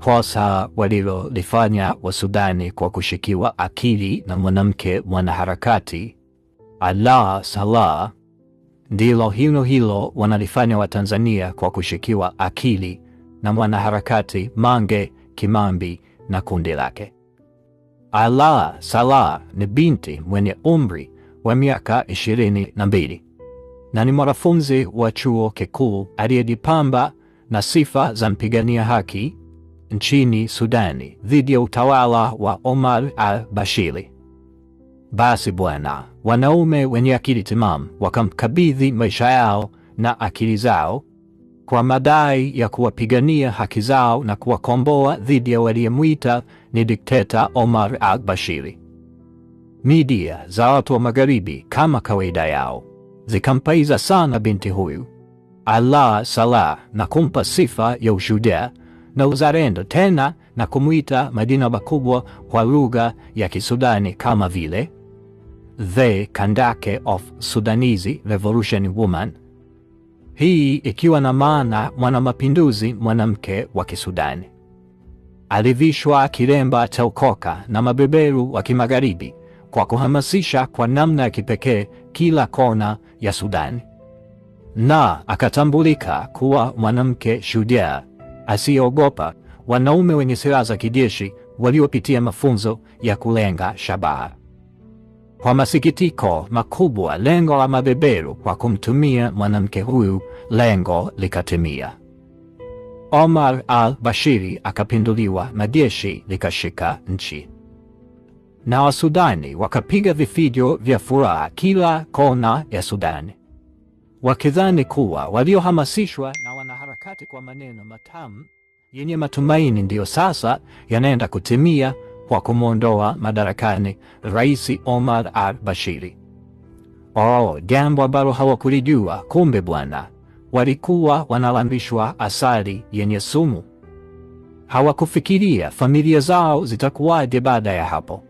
kosa walilolifanya Wasudani kwa kushikiwa akili na mwanamke mwanaharakati Alaa Salah ndilo hilo hilo wanalifanya Watanzania kwa kushikiwa akili na mwanaharakati Mange Kimambi na kundi lake. Alaa sala ni binti mwenye umri wa miaka ishirini na mbili na ni mwanafunzi wa chuo kikuu aliyejipamba na sifa za mpigania haki nchini Sudani dhidi ya utawala wa Omar al-Bashiri. Basi bwana, wanaume wenye akili timamu wakamkabidhi maisha yao na akili zao kwa madai ya kuwapigania haki zao na kuwakomboa dhidi ya waliyemwita ni dikteta Omar al-Bashiri. Media za watu wa Magharibi, kama kawaida yao, zikampaiza sana binti huyu Allah Salah na kumpa sifa ya ushujaa na uzalendo tena na kumwita majina makubwa kwa lugha ya Kisudani kama vile The Kandake of Sudanese Revolution Woman, hii ikiwa na maana mwanamapinduzi mwanamke wa Kisudani. Alivishwa kilemba cha ukoka na mabeberu wa Kimagharibi kwa kuhamasisha kwa namna ya kipekee kila kona ya Sudani, na akatambulika kuwa mwanamke shujaa asiyeogopa, wanaume wenye silaha za kijeshi waliopitia mafunzo ya kulenga shabaha. Kwa masikitiko makubwa, lengo la mabeberu kwa kumtumia mwanamke huyu, lengo likatimia. Omar al-Bashiri akapinduliwa na jeshi likashika nchi, na Wasudani wakapiga vifijo vya furaha kila kona ya Sudani, wakidhani kuwa waliohamasishwa na mkate kwa maneno matamu yenye matumaini ndiyo sasa yanaenda kutimia kwa kumwondoa madarakani Rais Omar al-Bashiri. Oh, jambo ambalo hawakulijua kumbe, bwana, walikuwa wanalambishwa asali yenye sumu. Hawakufikiria familia zao zitakuwaje baada ya hapo,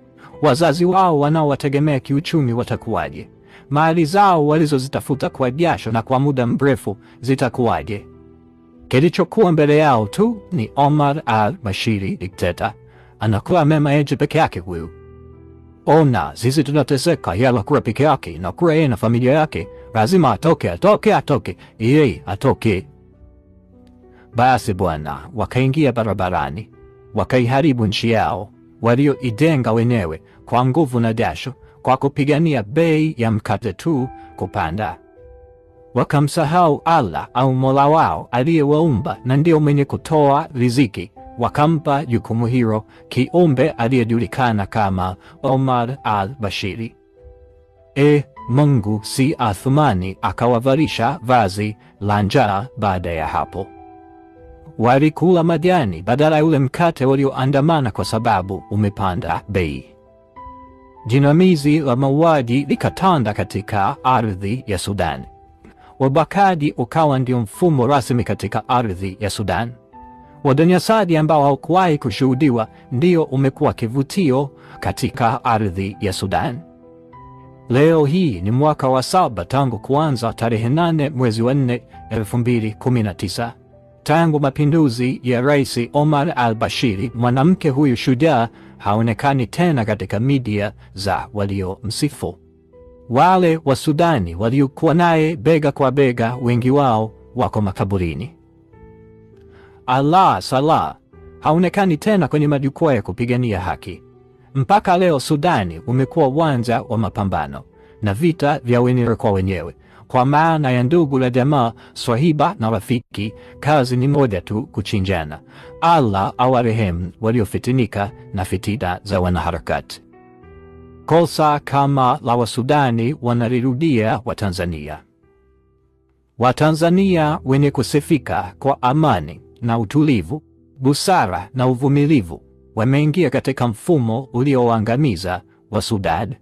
wazazi wao wanaowategemea kiuchumi watakuwaje, mali zao walizozitafuta kwa jasho na kwa muda mrefu zitakuwaje? Kilichokuwa mbele yao tu ni Omar al-Bashiri, dikteta. Anakuwa mema memaeji peke yake huyu. Ona sisi tunateseka, yeye anakula peke yake, kura yeye na familia yake. Lazima atoke, atoke, atoke, yeye atoke. Basi bwana, wakaingia barabarani, wakaiharibu nchi yao walioidenga wenyewe kwa nguvu na jasho, kwa kupigania bei ya mkate tu kupanda wakamsahau Allah au Mola wao aliyewaumba na ndiyo mwenye kutoa riziki, wakampa jukumu hilo kiumbe aliyejulikana kama Omar al-Bashiri. E Mungu si Athumani akawavalisha vazi la njaa. Baada ya hapo walikula majani badala ya ule mkate walioandamana, kwa sababu umepanda bei. Jinamizi la mauaji likatanda katika ardhi ya Sudani. Wabakadi ukawa ndio mfumo rasmi katika ardhi ya Sudan. Wadanyasaji ambao hawakuwahi kushuhudiwa ndio umekuwa kivutio katika ardhi ya Sudan. Leo hii ni mwaka wa saba tangu kuanza tarehe 8 mwezi wa 4 2019, tangu mapinduzi ya Rais Omar al-Bashiri. Mwanamke huyu shujaa haonekani tena katika media za walio msifu. Wale wa Sudani waliokuwa naye bega kwa bega, wengi wao wako makaburini. Allah Salah haonekani tena kwenye majukwaa ya kupigania haki. Mpaka leo Sudani umekuwa uwanja wa mapambano na vita vya wenyewe kwa wenyewe, kwa maana ya ndugu la jamaa, swahiba na rafiki, kazi ni moja tu, kuchinjana. Allah awarehemu waliofitinika na fitina za wanaharakati kosa kama la Wasudani wanalirudia Watanzania. Watanzania wenye kusifika kwa amani na utulivu, busara na uvumilivu wameingia katika mfumo uliowaangamiza Wasudani.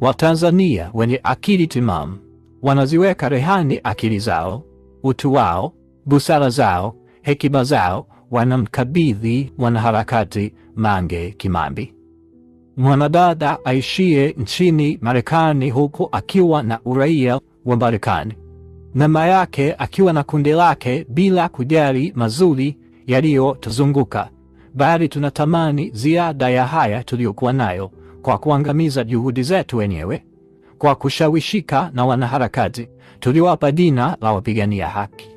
Watanzania wenye akili timamu wanaziweka rehani akili zao, utu wao, busara zao, hekima zao, wanamkabidhi mwanaharakati Mange Kimambi mwanadada aishie nchini Marekani huku akiwa na uraia wa Marekani, mama yake akiwa na kundi lake, bila kujali mazuri yaliyotuzunguka, bali tunatamani ziada ya haya tuliyokuwa nayo kwa kuangamiza juhudi zetu wenyewe kwa kushawishika na wanaharakati tuliwapa jina la wapigania haki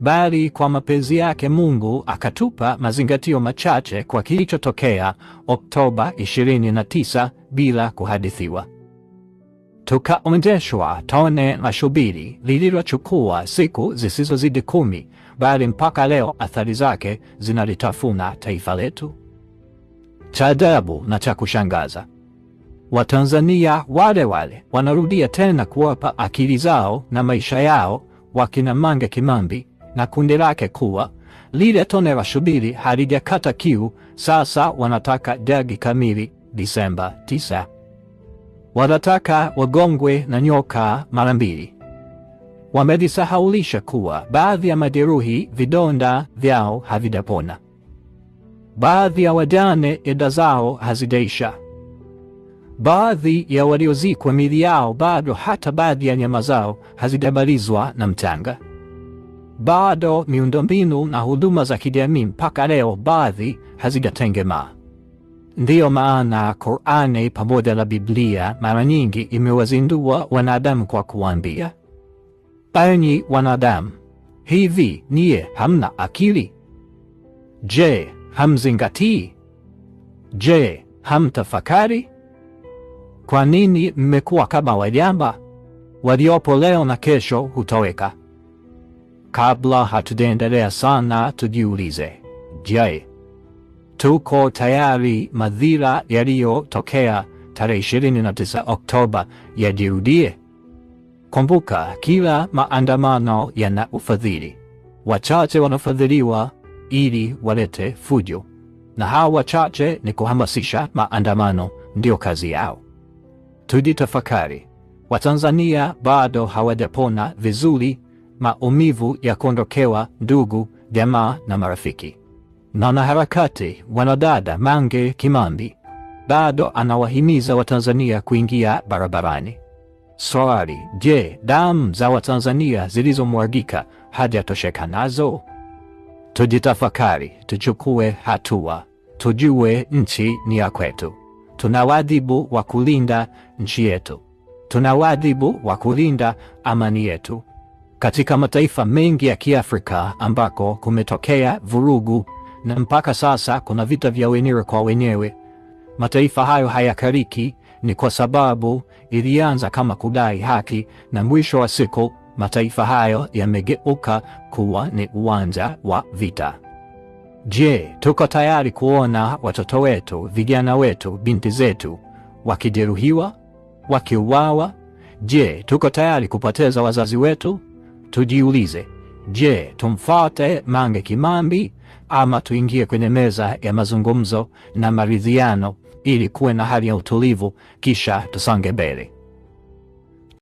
bali kwa mapenzi yake Mungu akatupa mazingatio machache kwa kilichotokea Oktoba 29 bila kuhadithiwa. Tukaonjeshwa tone la shubiri lililochukua siku zisizozidi kumi, bali mpaka leo athari zake zinalitafuna taifa letu. Cha ajabu na cha kushangaza, Watanzania wale wale wanarudia tena kuwapa akili zao na maisha yao wakina Mange Kimambi na kundi lake kuwa lile tone la shubiri halijakata kiu. Sasa wanataka jagi kamili Disemba 9. Wanataka wagongwe na nyoka mara mbili. wamedisahaulisha kuwa baadhi ya majeruhi vidonda vyao havidapona baadhi ya wajane eda zao hazijaisha, baadhi ya waliozikwa mili yao bado, hata baadhi ya nyama zao hazijabalizwa na mchanga bado miundombinu na huduma za kijamii mpaka leo baadhi hazijatengemaa. Ndiyo maana Qur'ani pamoja na Biblia mara nyingi imewazindua wanadamu kwa kuambia, enyi wanadamu, hivi niye hamna akili? Je, hamzingatii? Je, hamtafakari? Kwa nini mmekuwa kama wajamba? Waliopo leo na kesho hutoweka. Kabla hatujaendelea sana, tujiulize, je, tuko tayari madhira yaliyotokea tarehe 29 Oktoba yajirudie? Kumbuka, kila maandamano yana ufadhili. Wachache wanafadhiliwa ili walete fujo, na hawa wachache ni kuhamasisha maandamano, ndiyo kazi yao. Tujitafakari, Watanzania bado hawajapona vizuri maumivu ya kuondokewa ndugu, jamaa na marafiki. Mwanaharakati wanadada Mange Kimambi bado anawahimiza Watanzania kuingia barabarani. Swali: je, damu za Watanzania zilizomwagika hajatosheka nazo? Tujitafakari, tuchukue hatua, tujue nchi ni ya kwetu. Tuna wajibu wa kulinda nchi yetu, tuna wajibu wa kulinda amani yetu katika mataifa mengi ya Kiafrika ambako kumetokea vurugu na mpaka sasa kuna vita vya wenyewe kwa wenyewe. Mataifa hayo hayakariki, ni kwa sababu ilianza kama kudai haki na mwisho wa siku mataifa hayo yamegeuka kuwa ni uwanja wa vita. Je, tuko tayari kuona watoto wetu, vijana wetu, binti zetu wakijeruhiwa, wakiuawa? Je, tuko tayari kupoteza wazazi wetu? Tujiulize, je, tumfate Mange Kimambi ama tuingie kwenye meza ya mazungumzo na maridhiano ili kuwe na hali ya utulivu, kisha tusonge mbele.